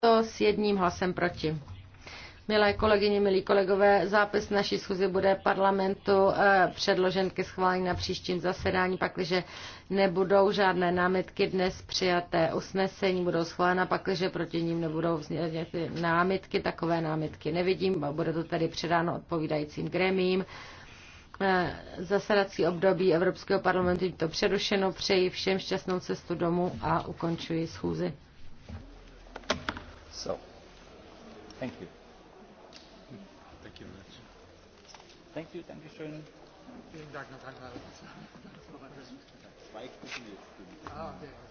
to s jedním hlasem proti. Milé kolegyně, milí kolegové, zápis naší schůze bude parlamentu eh, předložen ke schválení na příštím zasedání, pakliže nebudou žádné námitky dnes přijaté usnesení, budou schválena, pakliže proti ním nebudou námitky, takové námitky nevidím, bude to tedy předáno odpovídajícím gremím. Eh, zasedací období Evropského parlamentu je to přerušeno, přeji všem šťastnou cestu domů a ukončuji schůzi. So, thank you. Thank you much. Thank you, danke schön. Vielen Dank, Herr Zwei Gruppen Ah, okay.